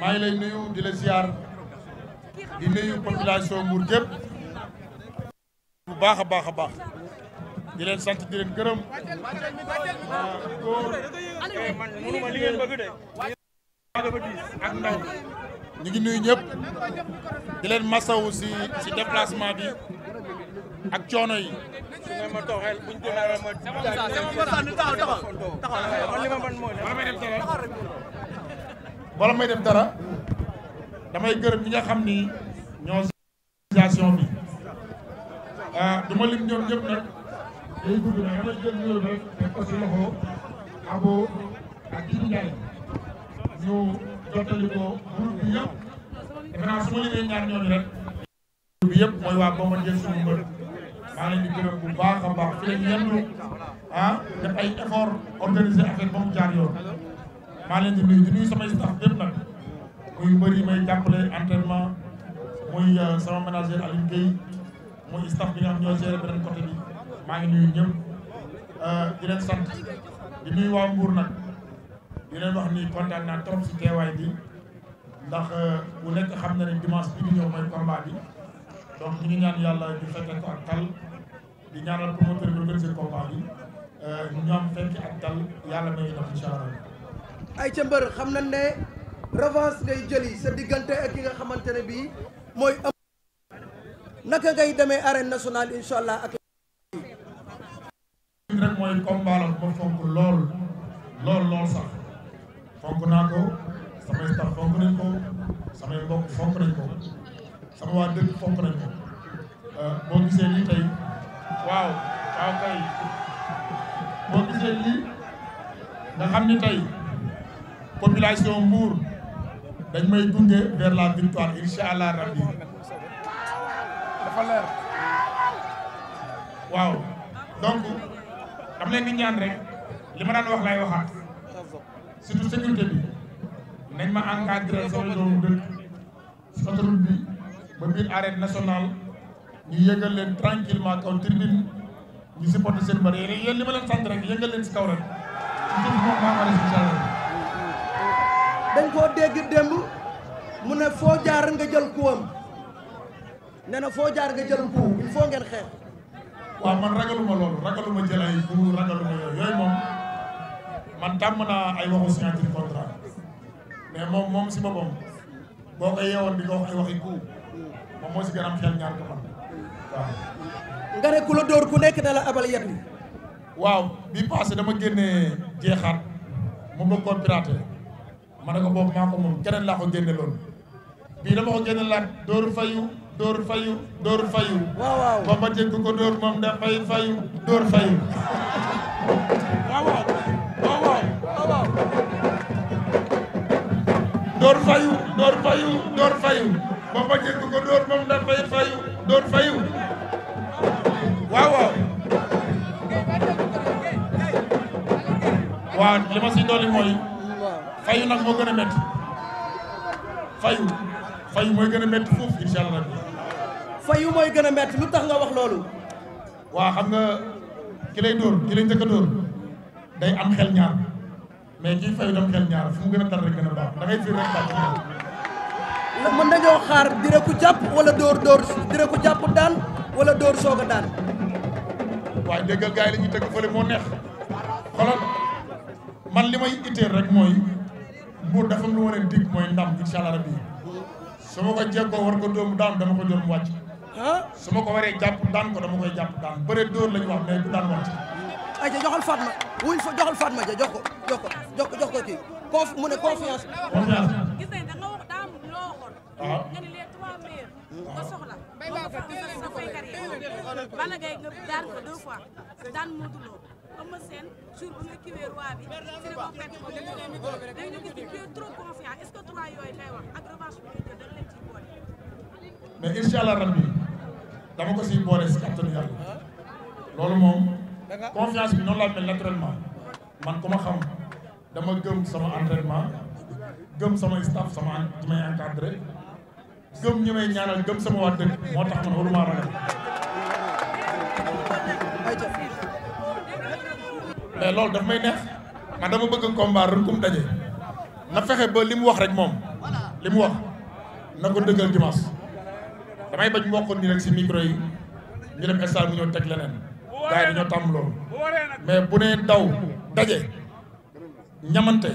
maa ngi lay nuyu di la ziar di nuyu population Mbour gépp bu baax a baax a baax di leen sant di leen gërëm li ngeen de ak ndaw ñu nuyu ñëpp di leen masawu si si déplacement bi ak coono yi su ngeen ma tooxeel buñ ma ma mën moo wala mooy dem dara damay gërëm ñi nga xam ni ñoo organisation bi ah, du lim ñoom ñëpp nag def baax a ah, ay effort organiser affaire ba mu yoon maa leen di nuyu di nuyu samay staff yëpp nag muy mbëri may jàppale entraînement muy euh, sama manager Aliou Guèye muy staff bi nga xam ñoo géré beneen côté bi maa ngi nuyu ñëpp euh, sant di nuyu waa Mbour nag di leen wax ni kontaan naa trop si bi ndax bu euh, nekk xam ne dimanche bi di ñëw mooy combat bi donc ñu ngi yàlla ñu fekke ko ak di ñaanal promoteur bi organiser combat bi ñu am fekk ak tal yàlla may def incha allah. ay ca xam na ne revanche ngay jëli sa diggante ak ki nga xamante ne bii mooy am naka ngay demee arène nationale incha allah ak rek mooy combat la ba fonk lool lool lool sax fonk naa ko samay staff fonk nañ ko samay mbokk fonk nañ ko sama waa dëkk fonk nañ ko euh, boo gisee lii tey waaw waaw kay boo gisee lii nga xam ni tey population Mbour dañ may gunge vers la victoire incha allah rabbi dafa leer waaw donc dama leen di ñaan rek li ma daan wax lay waxaat surtout sécurité bi nañ ma encadré sama doomu dëkk si bi ba biir arène leen tranquillement kaw tribune ñu supporté seen bëri yéen li ma leen sant rek yëgal leen si kaw rek ñu jëm moom maa ngi dañ koo dégg démb mu ne foo jaar nga jël kuwam nee foo jaar nga jël kuw il faut ngeen xeex. waaw man ragaluma loolu ragaluma jël bu ragaluma yooyu yooyu moom man tàmm naa ay waxu moom moom si boppam boo ko yeewoon di ko ay waxi ku moom moo si gën a am xel ñaar ko man nga ne ku la dóor ku nekk da la abal yet bi. waaw bi passé dama génnee jeexaat mu bëggoon pirater. ma ne ko boobu maa ko moom keneen laa ko génne loon bii dama ko génne laat ko dóor fayu dóor fayu dóor fayu dóor fayu ko dóor moom da fayu dóor fayu waaw waaw waaw li ma si dolli mooy fayu nag moo gën a métti fayu fayu mooy gën a métti foofu incha allah rabbi mooy gën a métti lu tax nga wax loolu waa xam nga ki lay dóor ki lay njëkk a dóor day am xel ñaar mais kii fayu dam xel ñaar fu mu gën a tar rek gën a baax da ngay fiir rek baax la mën wala dóor dóor dina ko jàpp daan wala dóor soog a daan waaye déggal gars yi la ñuy tëgg fële moo neex xoolal man li may itteel rek mooy buur dafa lu wane dig mooy ndam incha allah bi su ma ko jekkoo war ko dóomu daan dama ko jor mu wàcc su ma ko waree jàpp daan ko dama koy jàpp daan bëre dóor lañu wax mais bu daan wàcc ay ja joxal Fatma wuy fa joxal Fatma ja jox ko jox ko jox ko jox ko mu ne confiance confiance ko deux fois daan Modou Lo Eumeu Sène jour bu nga kiwee roi bi ko perte ko dëgg léegi ñu bi nga jël dañ dama ko siy boole si kattanu yàlla loolu moom confiance bi noonu laa mel naturellement man ku ma xam dama gëm sama entraînement gëm sama staff sama ñi may encadré gëm ñi may ñaanal gëm sama waa dëkk moo tax man waruma ragal mais loolu daf may neex man dama bëgg combat runkum daje na fexe ba li mu wax rek moom li mu wax na ko dëggal dimanche damay bañ mboq ni rek si micro yi ñu dem stade mu ñëw teg leneen gars yi dañoo tàmm loolu mais bu nee daw daje ñamante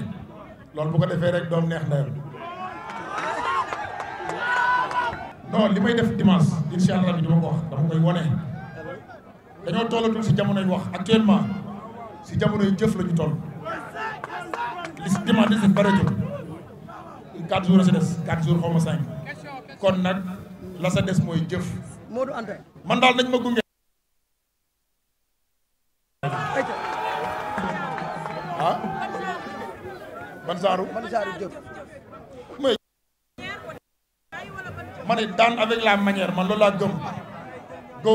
loolu bu ko defee rek doom neex ndeyam non li may def dimanche incha allah bi dama ko wax dama koy wone dañoo tollatul si jamonoy wax actuellement. si jamono yu jëf la toll li si demande si bëreetul quatre jours la si des quatre jours xaw ma cinq kon nag la sa des mooy jëf. Modou Anta. man daal nañ ma gunge. ah ban saaru la manière man loolu laa gëm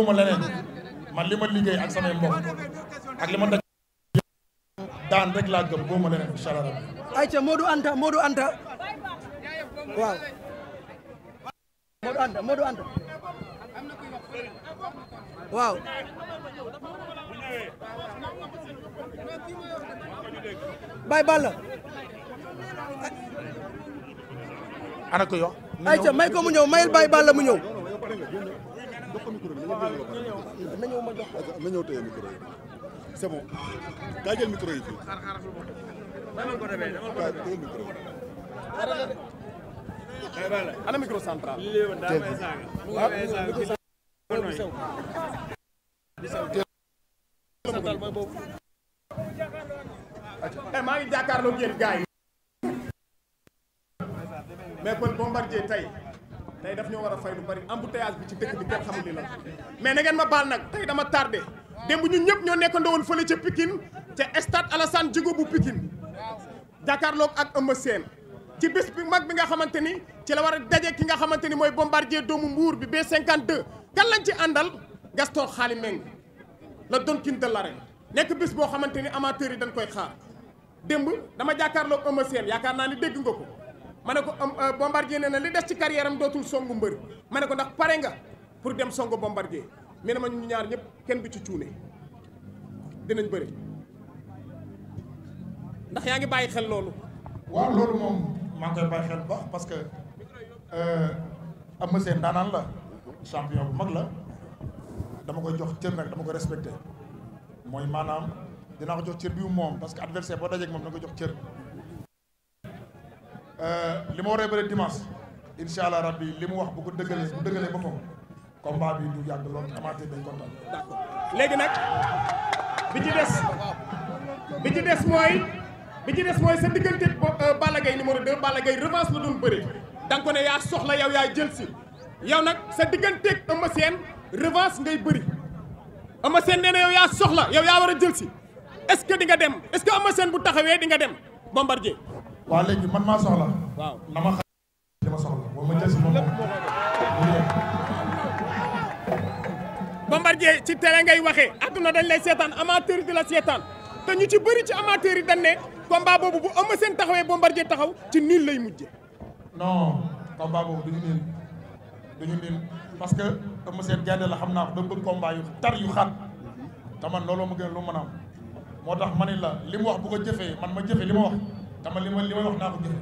ma leneen man li ma liggéey ak samay mbokk ak li ma daj daan rek laa gëm boo ma leneen incha allah rabbi ayca Modou Anta Modou Anta waaw Modou Anta Modou Anta waaw Baye Balla ana ko yo ayca may ko mu ñëw mayel Baye Balla mu ñëw na ñëw ma c'est bon daa jël micro yi fii daa jël micro yi. ana micro central. Eh, maa ngi jàkkaarloo ak yéen gars yi. mais kon bombardier tey tey daf ñoo war a fay lu bari bu embouteillage bi ci dëkk bi kenn xamul li la mais na ngeen ma baal nag tey dama tardé. démb ñu ñëpp ñoo nekkandoo woon fële ca Pikine ca stade Alassane Djigo bu Pikine jàkkaarloog ak Eumeu Sène ci bés bi mag bi nga xamante ni ci la war a daje ki nga xamante ni mooy bombardier doomu mbuur bi B52. kan lañ ci àndal Gaston xaali meng la Don King de l'arène nekk bés boo xamante ni amateurs yi dañ koy xaar démb dama jàkkaarloog Eumeu Sène yaakaar naa ni dégg nga ko ma ne ko euh, bombardier nee na li des ci carrière dootul songu mbër ma ne ko ndax pare nga pour dem songu bombardier. mais ma ñu ñaar ñëpp kenn du ci cuune dinañ bëri ndax yaa ngi bàyyi xel loolu. waaw loolu moom maa ngi koy bàyyi xel bu baax parce que euh, Eumeu Sène daanaan la champion bu mag la dama koy jox cër nag dama koy respecté mooy maanaam dinaa ko jox cër bi moom parce que adversaire boo dajeeg moom danga ko jox cër. Euh, li ma war a bëri dimanche incha allah rabbi li mu wax boo ko dëggalee bu dëggalee boppam. combat bi du yàgg lool amaate dañ kontaan. d'accord léegi nag bi ci des bi ci des mooy bi ci des mooy sa diggante euh, Balla Gaye numéro 2 Balla Gaye revanche la doon bëri danga ko ne yaa soxla yow yaa jël si yow nag sa diggante Eumeu Sène revanche ngay bëri Eumeu Sène nee na yaa soxla yow yaa war a jël si est-ce que di nga dem est-ce que Eumeu Sène bu taxawee di nga dem Bombardier. waaw léegi man maa soxla. waaw na ma xam soxla wala ma jël si moom Bombardier ci télé ngay waxee adduna dañ lay seetaan amateur di la seetaan te ñu ci bëri ci amateur yi dañ ne combat boobu bu Eumeu Sène taxawee Bombardier taxaw ci nul lay mujje non combat boobu duñu nul duñu parce que Eumeu seen jaade la xam naa ko da bëgg combat yu tar yu xat te man looloo ma gën lu mën moo tax ma ni la li mu wax bu ko jëfee man ma jëfe li ma wax tama li ma li ma wax naa ko jëfe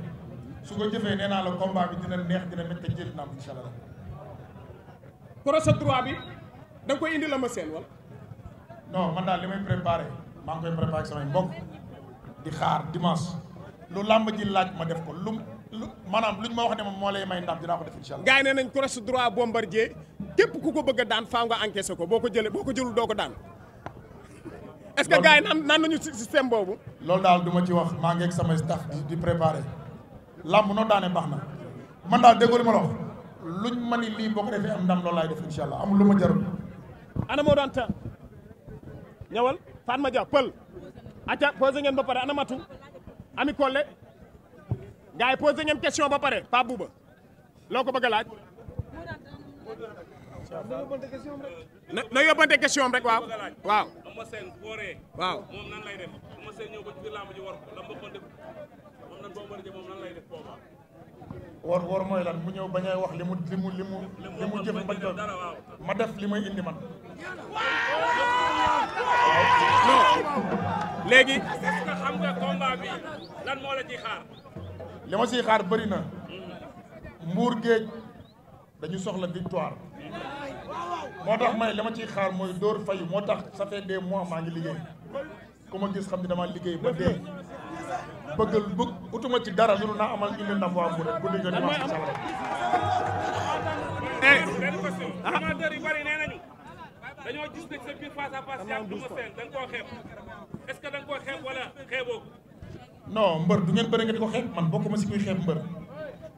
su ko jëfee nee naa la combat bi dina neex dina métti jël naam incha allah. procès 3 bi. da nga koy indi la ma seen wala. no man daal li may préparé maa ngi koy préparé ak samay mbokk di xaar dimanche lu làmb ji laaj ma def ko lu lu maanaam luñ ma wax ne moom moo lay may ndam dinaa def incha allah. gars yi nee ku ko bëgg a daan ko boo ko jëlee boo ko jëlul doo ko daan. est-ce que gars naan naan nañu système boobu. loolu daal du ma ci wax maa ngi samay staff di di préparé làmb noo daane baax na man daal déggoo li la wax luñ ni lii boo ko defee am ndam loolu laay def incha allah amul lu ma jarul. ana moo daan temps ñëwal Fatma Dia pël acca posé ngeen ba pare ana matu ami Collé gars yi posé ngeen question ba pare Pa Bouba ko bëgg a laaj na na yóbbante question rek waaw waaw waaw moom wor wor mooy lan mu ñëw bañ a wax li mu li mu li mu li mu jëf bañ ko ma def li may indi man non léegi nga xam nga combat bi lan moo la ciy xaar li ma ciy xaar bëri na hmm. mbuur géej dañu soxla victoire moo tax may li ma ciy xaar mooy dóor fayu moo tax ça fait des mois maa ngi liggéey ku ma gis xam ne dama liggéey ba dee bëggal bëgg utuma ci dara lu na amal indi ndam waa Mbour guddi nga dimanche incha allah. dañoo gis ne sa biir face à face yàgg du que da nga koo xeeb mbër du ngeen bëri nga di ko xeeb man bokkuma si kuy xeeb mbër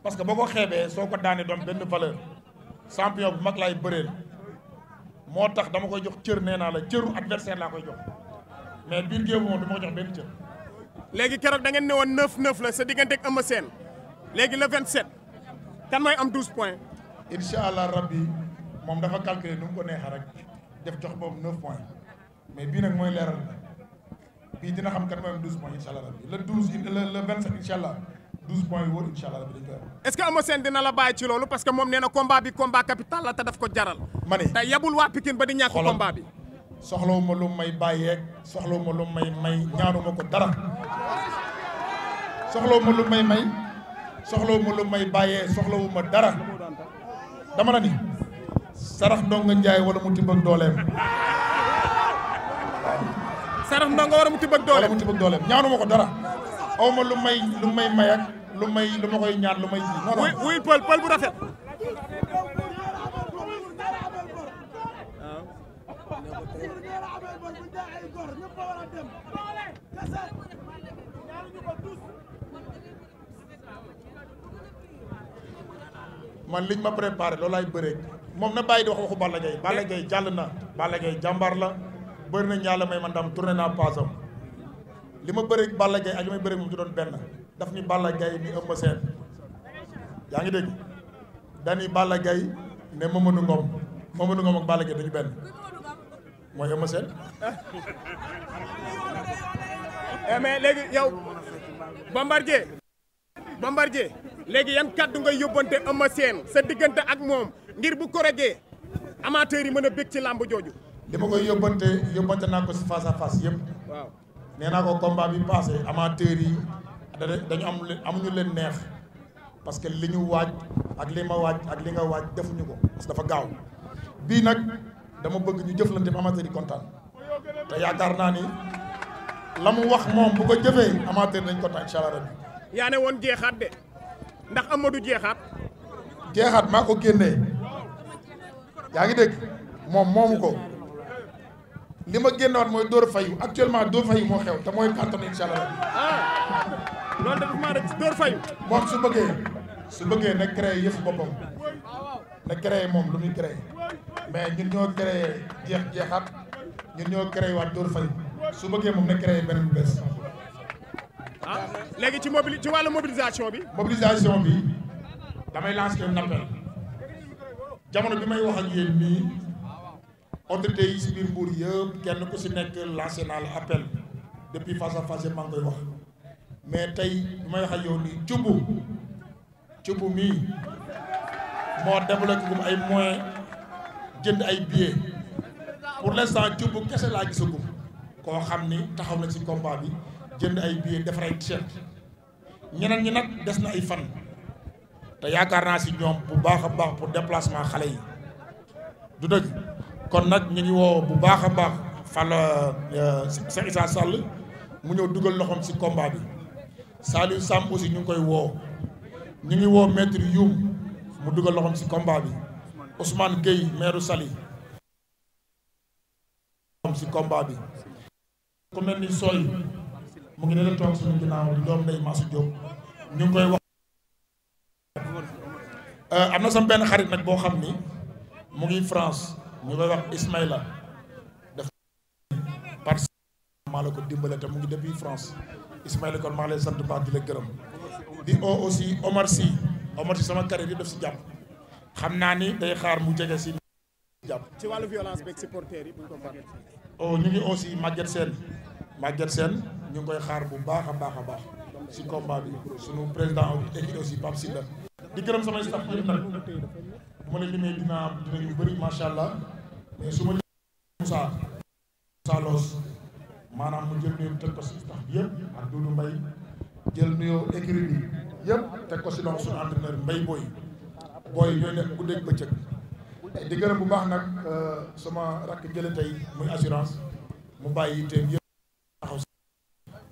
parce que boo ko xeebee soo ko daanee doom benn valeur champion bu mag laay bëreel moo tax dama koy jox cër nee naa la cëru adversaire laa koy jox mais biir géew moom du ma ko jox benn cër. léegi keroog da ngeen ne woon 9-9 la sa diggante ak Eumeu Sène léegi le kan mooy am 12 points. incha allah rabbi moom dafa calculer nu mu ko neexee rek def jox boobu 9 points mais bii nag mooy leeral bii dina xam kan mooy am 12 points incha allah rabbi le 12 le allah 12 points yu wóor allah rabbi dañ koy am. dina la bàyyi ci loolu parce que moom nee na combat bi combat capital la te daf ko jaral. ma ne te yabul waa Pikine ba di ñàkk combat bi. soxlawu ma lu may bàyyeeg ma lu may may ñaanu ko dara. soxlawu ma lu may may soxlawu ma lu may bàyyee soxlawu ma dara dama la ni sarax ndongo njaay wala mu tibb ak dooleem. sarax ndongo wala mu tibb ak dooleem wala mu tibb dooleem ñaanu ma ko dara aw lu may lu may may lu may lu ma koy ñaan lu may ji. wuy pël pël bu rafet. man li liñ ma préparé loolu laay bëree moom na bàyyi di wax waxu Balla Gaye Balla Gaye jàll na Balla Gaye jàmbaar la bëri nañ yàlla may man dam tourné naa paasam li ma bëreeg Balla Gaye ak li may bëreeg moom ci doon benn daf ni Balla Gaye ni Eumeu yaa ngi dégg dani Balla Gaye ne Mamadou Ngom Mamadou Ngom ak Balla Gaye dañu benn mooy Eumeu Sène eh, léegi yow Bombardier Bombardier léegi yan kàddu nga yóbbante Eumeu Sène sa diggante ak moom ngir bu korogee amateurs yi mën a bég ci làmb jooju. li ma koy yóbbante yóbbante naa ko si face à face yëpp. waaw nee naa ko combat bi passé amateurs yi dañu am amuñu leen neex parce que li ñu waaj ak li ma waaj ak li nga waaj ñu ko parce dafa gaaw bii nag dama bëgg ñu jëflante amateurs yi kontaan te yaakaar naa ni. la mu wax moom bu ko jëfee amateur nañ ko tànn incha yaa ne woon jeexaat de ndax Amadou jeexaat. jeexaat maa ko génnee yaa ngi dégg moom moomu ko li ma génnoon mooy Dóor fayu actuellement Dóor fayu moo xew te mooy partenaire incha allah. ah loolu dafa maa rek Dóor fayu. moom su bëggee su bëggee na créé yëfu boppam na créé moom lu muy créé mais ñun ñoo créé jeex jeexaat ñun ñoo créé waat Dóor fayu su bëggee moom na créé beneen bu bees. ah léegi ci mobili ci wàllu mobilisation bi. mobilisation bi damay lancer un appel jamono bi may wax a yéen nii autorité yi si biir Mbour yëpp kenn ku si nekk lancer naa la appel depuis face à face maa ngi koy wax mais tey bi may wax ak yow nii cubb cubb mii moo développé gum ay moyens jënd ay billets pour l'instant cubb kese laa gisagum koo xam ni taxaw na ci combat bi. jënd ay biir defar ay t-shirt ñi nag des na ay fan te yaakaar naa si ñoom bu baax a baax pour déplacement xale yi du dëgg kon nag ñu ngi woo bu baax a baax Fall euh, Cheikh Issa Sall mu ñëw dugal loxoom si combat bi Saliou Samb aussi ñu ngi koy woo ñu ngi woo maître Youm mu dugal loxoom si combat bi Ousmane Gueye maire Saly si combat bi mel ni sooy mu ngi ne la toog suñu ginnaaw di doom day maasu Diop ñu ngi koy wax. Euh, am na sama benn xarit nag boo xam ni mu ngi France ñu koy wax Ismaïla def parce que maa la ko dimbale te mu ngi depuis France Ismaïla kon maa ngi lay sant baax di la gërëm di oo aussi Omar Sy Omar Sy sama carrière yi def si jàpp xam naa ni day xaar mu jege si jàpp ci wàllu violence beeg supporters yi bu ñu ko fàtte. oh ñu ngi aussi Maguette Sène Maguette seen ñu ngi koy xaar bu baax a baax a baax si combat bi suñu président équipe aussi si Silla di gërëm samay staff yëpp nag bu ma leen limee dinaa dinañu bëri macha allah mais su ma limee Moussa Moussa Loos maanaam mu jël nuyoo teg ko si staff bi yëpp ak Doudou mbay jël nuyoo écurie bi yëpp teg ko si loxo suñu entraîneur mbay Boy Boy ñooy nekk guddeeg bëccëg di gërëm bu baax nag euh, sama rakk jële tey muy assurance mu bàyyi teem yëpp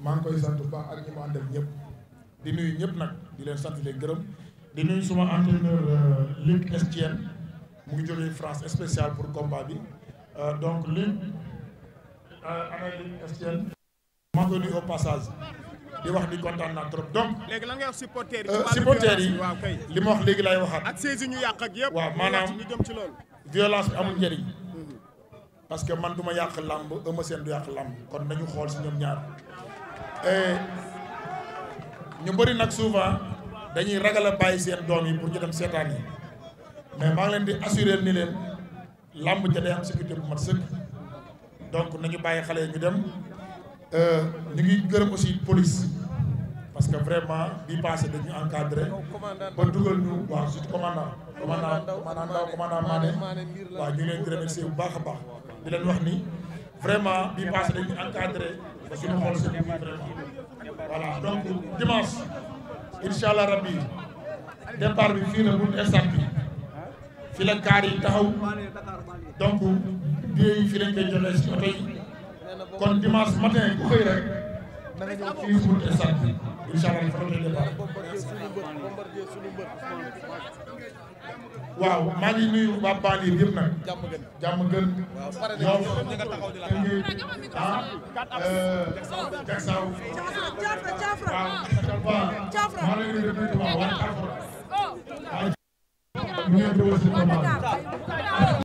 maa ngi koy sant bu baax ak ñi ma àndal ñëpp di nuyu ñëpp nag di leen sant leen gërëm di nuyu suma entraîneur euh, Luc Estienne mu ngi jógee France spécial pour combat bi euh, donc Luc euh, ana Luc Estienne maa ngi koy nuyu au passage di wax di kontaan naa trop donc. léegi la nga wax supporters yi. supporters yi li ma wax léegi lay waxaat. ak saisi ñu yàq ak yëpp. waa maanaam ñu jëm ci loolu. violence bi amul njëriñ. Mhm. parce que man du ma yàq làmb Eumeu Sène du yàq làmb kon nañu xool si ñoom ñaar. Eh, ñu bëri nag souvent dañuy ragal a bàyyi seen doom yi pour ñu dem seetaan yi mais maa ngi leen di assurer ni leen làmb ja day am sécurité bu mat sëkk donc nañu bàyyi xale yi ñu dem euh, ñu ngi gërëm aussi police parce que vraiment bi passé dañu encadré ba dugal ñu waaw surtout commandant commandant commandant Ndaw commandant Mané waaw ñu ngi leen di remercier bu baax a baax di leen wax nii vraiment bi passé dañu encadré suñu xol suñu voilà donc dimanche incha allah rabbi départ bi fii la route instant bi fii la kaar yi taxaw donc biir fii lañ koy jotee yi kon dimanche matin ku xëy rek fii route instant incha waaw maa ngi nuyu waa nag jàmm gën yow tënkee waaw waaw maa ngi leen di nuyu